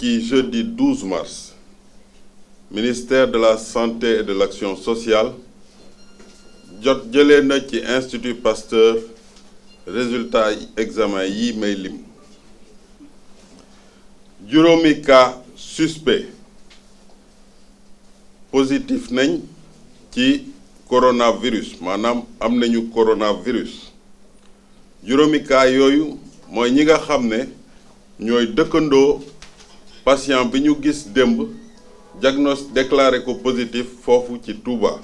qui jeudi 12 mars ministère de la santé et de l'action sociale jot institut Pasteur résultat examen yi may suspect positif nañ qui coronavirus Manam am coronavirus Juromika, yo yo ñi nga patient bi ñu gis diagnostic déclaré ko positif foofu ci Touba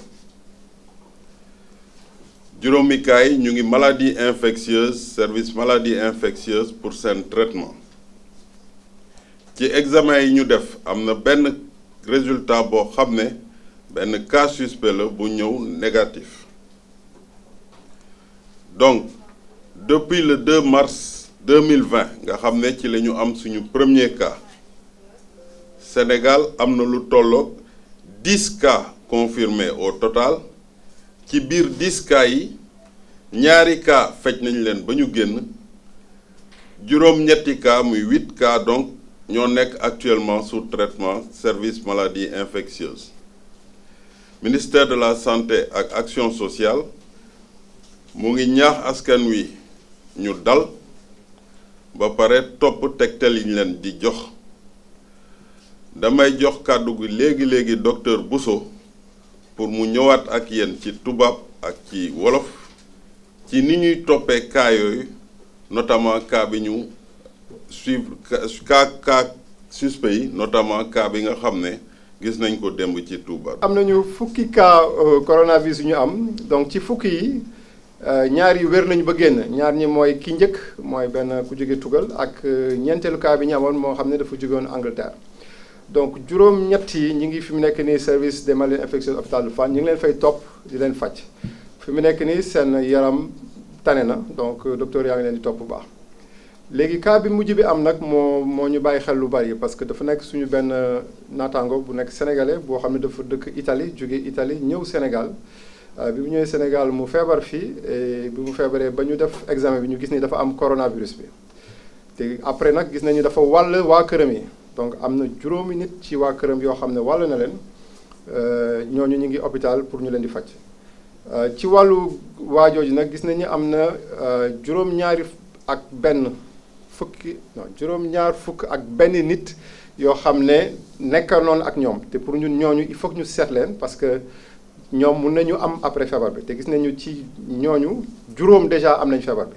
juróomi kaay ñu ngi maladie infectieuse service maladie infectieuse pour seen traitement ci examen yi ñu def am na résultat boo xam ne cas suspect la bu ñëw négatif donc depuis le 2 mars 2020 nga avons ne ci premier cas Sénégal a lu 10 cas confirmés au total ci 10 cas yi ñaari cas fecc nañ leen bañu genn a ñetti 8 cas donc nous sommes actuellement sous traitement service maladie infectieuse ministère de la santé et action sociale a ngi ñaax askan wi ñu dal ba pare damay jox kàddu gi legi léegi docteur Bousso pour mu ñëwaat ak yéen ci tubaab ak ci wolof ci ni ñuy toppee cas yooyu notamment cas bi ñu suivre cas cas suspect yi notamment cas bi nga gis nañ ko ci am nañu fukki nyari euh, coronavirus yu ñu am donc ci fukki yi euh, ñaar yi wér nañu ba génn ñaar ñi mooy ki njëkk mooy benn ku jóge tugal ak euh, ñeenteelu cas bi ñu amoon moo xam ne dafa Angleterre. donc juróom-ñett yi service des maladies infectieuses de ñu ngi leen fay di leen donc docteur ngi leen di bi am ñu xel parce que dafa nekk suñu euh, bu sénégalais boo xam dafa Italie jóge Italie Sénégal euh, bi mu Sénégal mu feebar fii bi mu examen coronavirus bi après nag gis nañu dafa donc am na juróomi nit ci waa këram yoo xam ne wàll na leen euh, ñooñu ñu ngi hôpital pour ñu leen di faj euh, ci wàllu waajooju nag gis nañu am na euh, juróom-ñaari ak benn fukki non juróom-ñaar fukk ak benn nit yoo xam ne nekkanoon ak ñoom te pour ñun ñooñu il faut ñu seet leen parce que ñoom mun nañu am après feebar bi te gis nañu ci ñooñu juróom déjà am nañ feebar bi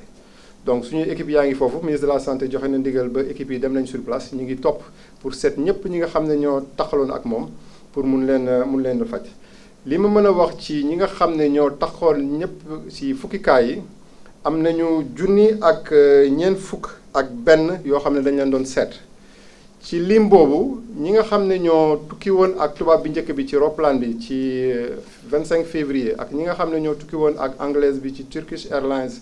donc suñu équipe yaangi ngi ministre de la santé joxe na ndigal ba équipe yi dem nañ sur place ñi ngi top pour set ñepp ñi nga xam ñoo ak mom pour mun leen mun leen fajj li ma mëna wax ci ñi nga xam ñoo taxool ñëpp si fukki kay yi am nañu junni ak euh, ñen fuk ak ben yo xam dañ leen doon set ci lim bobu ñi nga xam ne ñoo tukki won ak tuba bi ñëk bi ci roplan bi ci 25 euh, février ak ñi nga xam ne ñoo tukki won ak anglaise bi ci Turkish Airlines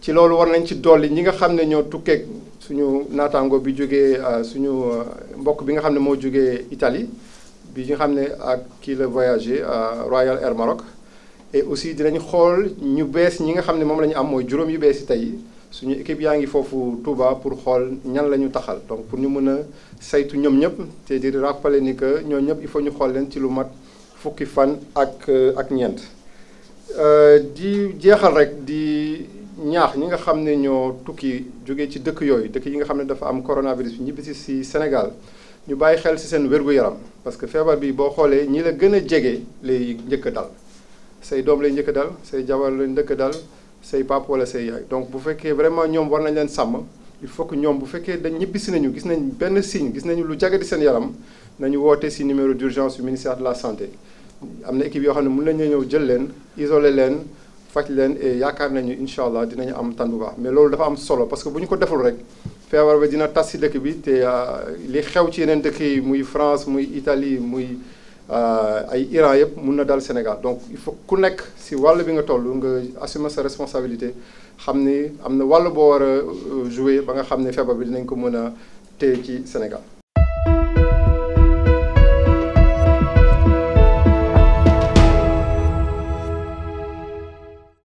ci loolu war nañ ci dolli ñi nga xam ne ñoo tukkeeg suñu naataango bi jógee euh, suñu euh, mbokk bi nga xam ne moo jógee Italie bi ñu xam ne ak kii la voyager euh, Royal Air Maroc et aussi dinañ xool ñu bees ñi nga xam ne moom la ñu am mooy juróom yu bees yi tey suñu équipe yaa ngi foofu Touba pour xool ñan la ñu taxal donc pour ñu mën a saytu ñoom ñëpp te di rappeler ni que ñoom ñëpp il faut ñu xool leen ci lu mat fukki fan ak ak ñeent di jeexal rek ñaax ñi nga xam ne ñoo tukki jóge ci dëkk yooyu dëkk yi nga xam ne dafa am coronavirus bi ñibbisi si Sénégal ñu bàyyi xel si seen wér-gu-yaram parce que feebar bi boo xoolee ñi la gën a jege lay njëkk a dal say doom lay njëkk dal say jabar lay njëkk dal say pap wala say yaay donc bu fekkee vraiment ñoom war nañ leen sàmm il faut que ñoom bu fekkee dañ ñibbisi nañu gis nañ benn signe gis nañu lu jagadi seen yaram nañu wootee si numéro d'urgence du ministère de la santé am na équipe yoo xam ne mën nañu ñëw jël leen isoler leen faj leen et yaakaar nañu incha allah dinañu am tan bu baax mais loolu dafa am solo parce que bu ñu ko deful rek feebar bi dina tas si dëkk bi te euh, li xew ci yeneen dëkk yi muy France muy Italie muy euh, ay Iran yëpp mun na dal Sénégal donc il faut ku nekk si wàll bi nga toll nga assumer sa responsabilité xam ni am na wàll boo war a euh, jouer ba nga xam ne feebar bi dinañ ko mën a téye ci Sénégal.